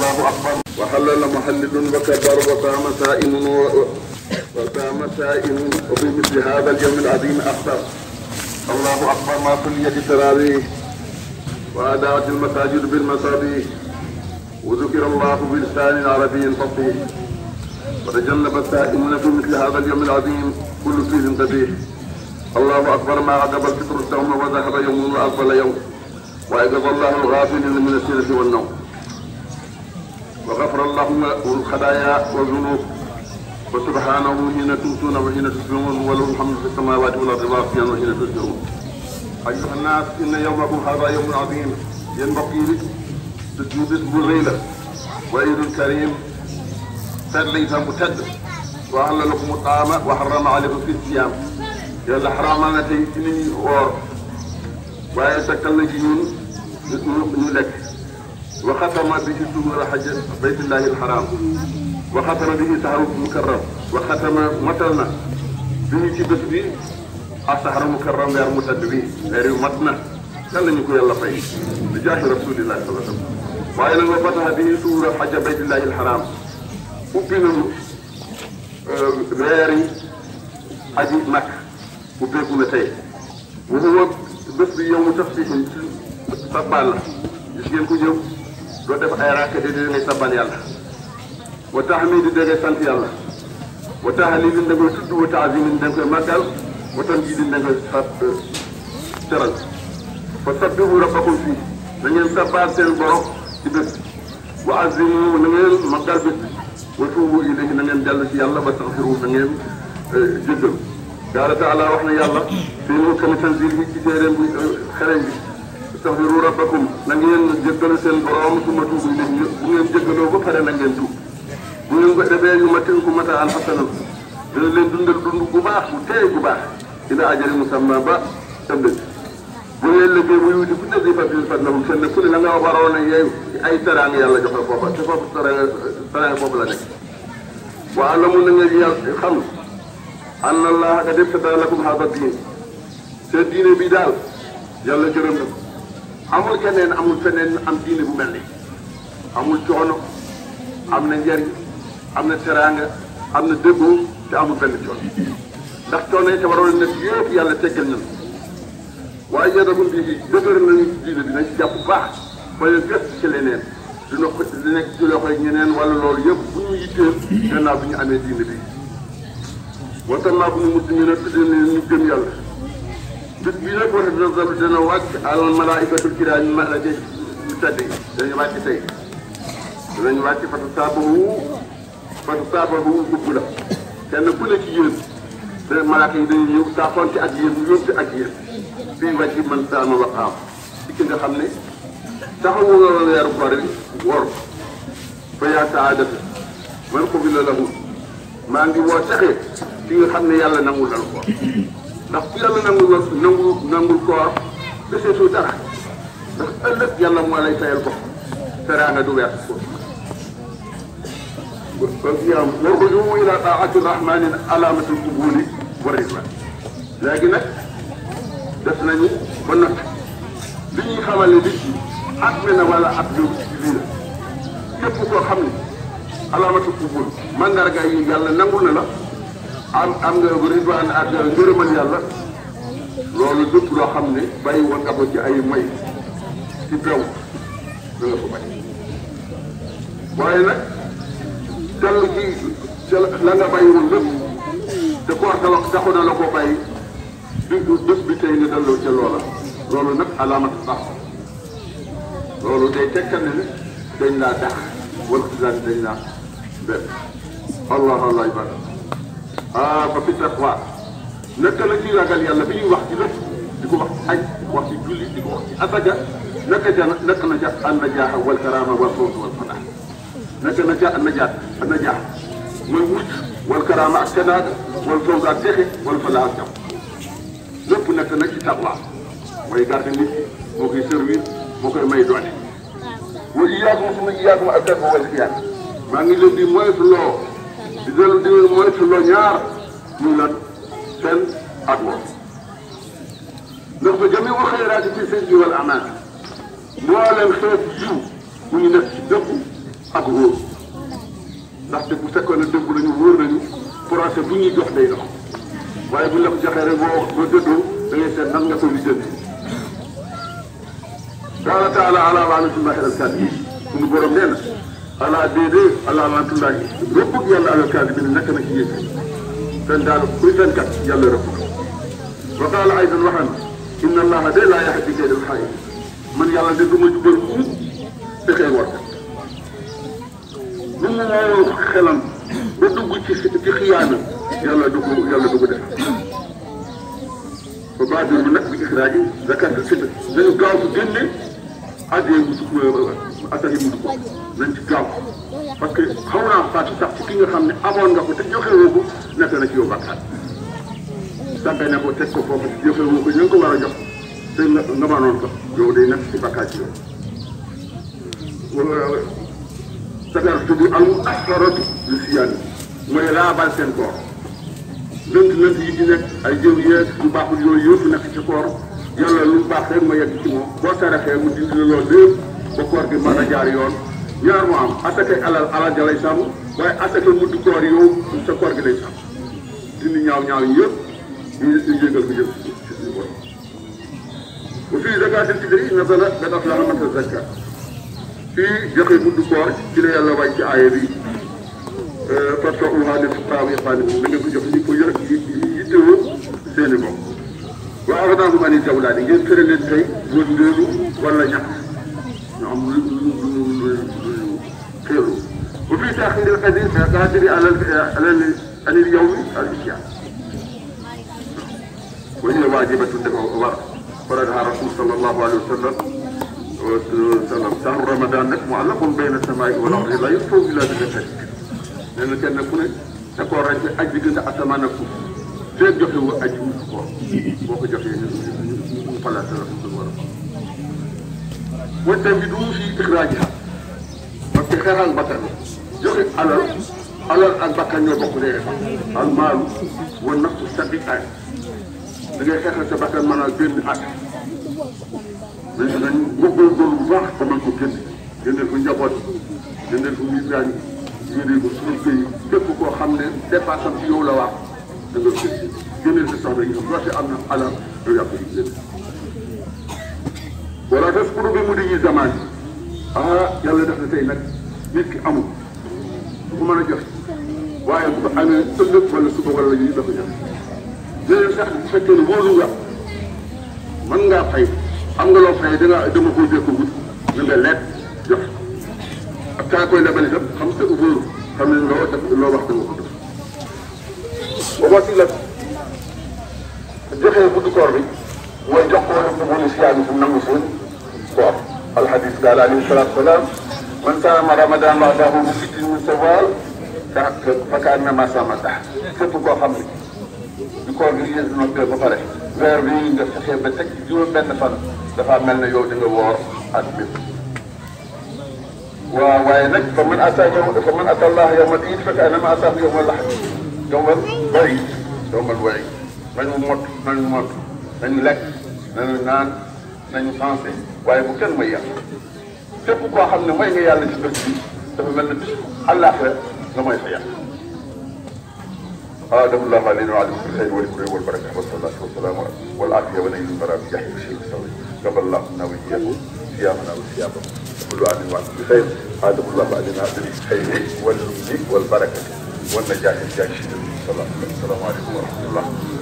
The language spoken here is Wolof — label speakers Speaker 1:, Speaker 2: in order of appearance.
Speaker 1: allahu akbar وحلل محلل وكبر وقام سائم وقام سائم وفي مثل هذا اليوم العظيم أخطر الله أكبر ما صليت التراويح وأداءت المساجد بالمصابيح وذكر الله بلسان عربي فصيح وتجنب السائمون في مثل هذا اليوم العظيم كل فيهم ذبيح الله أكبر ما عجب الفطر السوم وذهب يوم وأقبل يوم وأيقظ الله الغافلين من السنة والنوم وغفر اللهم الخدايا والذنوب وسبحانه حين تمسون وحين تسلمون وله الحمد في السماوات والارض واقيا وحين تسلمون ايها الناس ان يومكم هذا يوم عظيم ينبغي تجود اسم الليله وعيد الكريم تدليس متد وأهل لكم الطعام وحرم عليكم في الصيام يلا حرام انا تي ني اور واي سكل نجي نون ñu lekk وختم به سور حج بيت الله الحرام وختم به سهر مكرم وختم متلنا به ci bés bi السهر مكرم weer mu tedd bi weer yu mat na kan la ñu ko yàlla fay bi jaahi rasulillah sallallahu alayhi wa sallam waaye nag wa fataha bihi suura xaja baytillahi alxaram ubbi nañu euh, weer yi aji mag ubbeeku na tey bu mu wëg bés bi yow mu tax si sa baal la gis ngeen ko ñëw doo def ay rakk di dangay sabbal yàlla wa tahmidi dangay sant yàlla wa tahlilin da nga koy tudd wa taazimin da nga koy màggal wa tamjidin da nga koy sab teral fa sabbihu rabbakum fii na ngeen sabbaal seen borom ci bés wa azimu na ngeen màggal bés wa tuubu ilayhi na ngeen dellu ci yàlla ba taxfiru na ngeen eh, jéggal. Yàlla taala wax na yàlla fi mu kama tanzil bi ci téeréem bi xereñ bi. istaghfiru rabbakum na ngeen jéggalu seen borom suma tuubu ilayhi bu ngeen jéggaloo ba pare na ngeen tuub bu ngeen ko defee yu ma tënku mata alxasana dina leen dundal dund bu baax bu teey bu baax ila ajari musamma ba ëllëg bu ngeen liggéey bu yuuti ku nekk di fàttali fàttaliwul kenn ku ne la nga waroon a yeew ay teraanga yàlla jox la foofa te foofu teraanga teraanga foofu la nekk waa la mun na nga yàlla xam an allah ka def te dara lakum haada diin te diine bi daal yàlla gërëm na ko amul keneen amul feneen am diine bu mel ni amul coono am na njariñ am na teraanga am na déggoo te amul benn coono ndax coono yi te waroon na yëpp yàlla teggal na waaye yéen a ngi bii dëgër nañu diine bi nañ ci jàpp bu baax ba leen gëstu ci leneen du ndox di nekk ci loxo ñeneen wala loolu yëpp bu ñu yitteel gannaaw bi ñu amee diine bi. wa tammaa bu ñu muslimina tuddee ne ñu gëm yàlla. bés bi nag war a dana wàcc al malaa'ikatul kiraam malaaka yu tedd yi dañu wàcc tey danañu wàcc fatu saabahu fatu saabahu dugg la kenn ku ne ci yéen dana malaaka yi dañuy ñëw saafonte ak yéen yóbbu ak yéen fii wàcc man saama waqaam ci ki nga xam ne taxawu nga woon weeru koor bi wor fa yaa saadata man ko bi la lahu maa ngi woo taxee ki nga xam ne yàlla nangul al koor ndax bu yàlla nangul war nangul nangul koor deseetoo dara ndax ëllëg yàlla moo lay fayal bopp teraanga du weesu ko. kon yaa am war ko ila taati rahmani alaamatul qubuli wa ridwan léegi nag def nañu ba natt li ñuy xamale nit ñi at mi na wala at yu lii la képp koo xam ni alaamatul qubul mandarga yi yàlla nangul na la. am am nga ridwaan ak ngërëmal yàlla loolu lépp loo xam ne bàyyi woon nga ci ay may ci bew da nga waaye nag dellu ci la nga bàyyi woon lépp te koor ta wax taxu na la ko bàyyi bi bés bi tey nga delloo ca loola loolu nag alaamat baax loolu day tekkal ne dañ laa dax wala dañ laa benn allah allah ah ba bis rek waa naka la ciy ragal yàlla bi ñuy wax ci lépp di ko wax ci aj di ko wax ci julli di ko wax ci asaga naka ja naka na ja an najaaxa wal karaama wal fawz wal falah naka na ja an najaat an najaax mooy mucc wal karaama ak kanaada wal fawz ak texe wal falah ak jam lépp nekk nag ci taqwa mooy garde nit moo koy servir moo koy may doole wa iyaakum suma iyaakum ak dagg wal xiyaan maa ngi leen di moytu loo di doon di moytu loo ñaar muy lan fen ak wor ndax ba jami u xayraati fi sirri wal amaan moo leen xeet jiw mu nekk ci dëgg ak wóor ndaxte bu fekkoon ne dëgg lañu wóor nañu procès bu ñuy jox day dox waaye bu ñu la ko joxee rek boo boo dëddoo da ngay seet nan nga ko lijjanti qaala taala ala wa anatullahi alkaadim suñu borom nee na ala déedéet ala lantulaay loo bëgg yàlla alal kaasi bi nekk na ci yéen fen daal kuy fenkat yàlla rëbb wa qaala aydan waxan inna allaha de laa yahdi kaydal xaa'in man yàlla de du ma jubal ku fexee war mu woo xelam ba dugg ci ci xiyaana yàlla du yàlla du ko def ba baadir bi bi ixraaji zakat dañu gaaw su génne addee bu affaire yi mujj ko nañ ci gaaw parce que xaw naa fàttali sax ci nga xam ne amoon nga ko te joxe woo ko nekk na ci yow bàkkaar sànqee na ko teg ko foofu joxe woo ko ñu ko war a jox te nga nga mënoon ko yow day nekk ci seen koor lënt lënt yi di nekk ay jëw yeeg lu baaxul yooyu yëpp nekk ci koor yàlla lu baax rek ma yegg ci moom boo taraxee mu dindi la loolu ba koor gi mën a jaar yoon ñaar mu am attaqué alal alal ja lay sàmm waaye attaqué mudd koor yow sa koor gi lay sàmm dindi ñaaw ñaaw yëpp ñu yëgal ko jëm ci suñu bu fii zakatul fitri na bala nga daf koor ci la yàlla wàcc ci aaya bi euh, parce que uhaali fuqaaw yaqaani da ngeen ko jox ñi ko yër yittewoo seeni bopp waaw naa bu ma ni tawlaa di ngeen tëral leen tey wëndeelu wala ñàkk نعم كيلو وفي تاخير القدير فيقاتل على على عن اليوم الاتيان وهي واجبة فردها رسول صلى الله عليه وسلم وسلم شهر رمضان nag معلق بين السماء والأرض لا ينفع إلا بذكرك nee na kenn ku ne da koo ràññee ci aj diggante asamaan ak suuf fee joxe wu aj wu ko boo ko joxee ñu ñu ñu falaat la war a wattabidu fi ixraajiha parce que xeexal bakkan joxe alal alal ak bakkan ñoo bokk al maalu wa nafsu sabi ay da ngay xeexal sa bakkan maanaam génn at mais nañ nga góorgóorlu bu baax te ko génn ko njaboot génneel ko misaan génneel ko suñu pays képp koo xam ne dépasse am ci yow da am na alal yow yaa ko génn wala tas pour bi mu di ñuy zamaan ah yàlla def na tey nag nit ki amul du ko mën a joxe waaye bu ko amee ëllëg wala suba wala ñuy dafa joxe léeg sax bu fekkee ne wóolu nga mën ngaa fay am nga loo fay danga dama ko jëkk wut na nga leet jox ak kaa koy lebal itam xam sa wóolu xam ne loo def loo wax danga ko def booba si la joxee buddu koor bi mooy jox ko wala mu wóolu si yàlla fu nangu seen waaw alxadis qaala alayhi salaatu wasalaam man saama ramadan wa daahu bi sittin min sawal daa fakka na ma sama tax képp koo xam ne di koor gi yéen noppee ba pare weer bi nga fexee ba teg ci juróom benn fan dafa mel ne yow di nga woor at bi waaw waaye nag fa man ata yow fa man ata allah yowmal iid fekk ana ma ataaf yowmal laxad yowmal bari yowmal wari nañu mot nañu mot nañu lekk nañu naan nañu sensé waaye bu kenn mooy yàlla képp koo xam ne mooy nga yàlla ci dëkk bi dafa mel ne bis àllaaxira nga mooy sa yàlla. آدم الله علينا وعلى كل خير والبر والبركة والصلاة والسلام والعافية ونيل البرام يحيي الشيء الصالح قبل الله منا وإياكم صيامنا وصيامكم كل عام وأنتم بخير آدم الله علينا بالخير والأمن والبركة والنجاح الجاي السلام عليكم ورحمة الله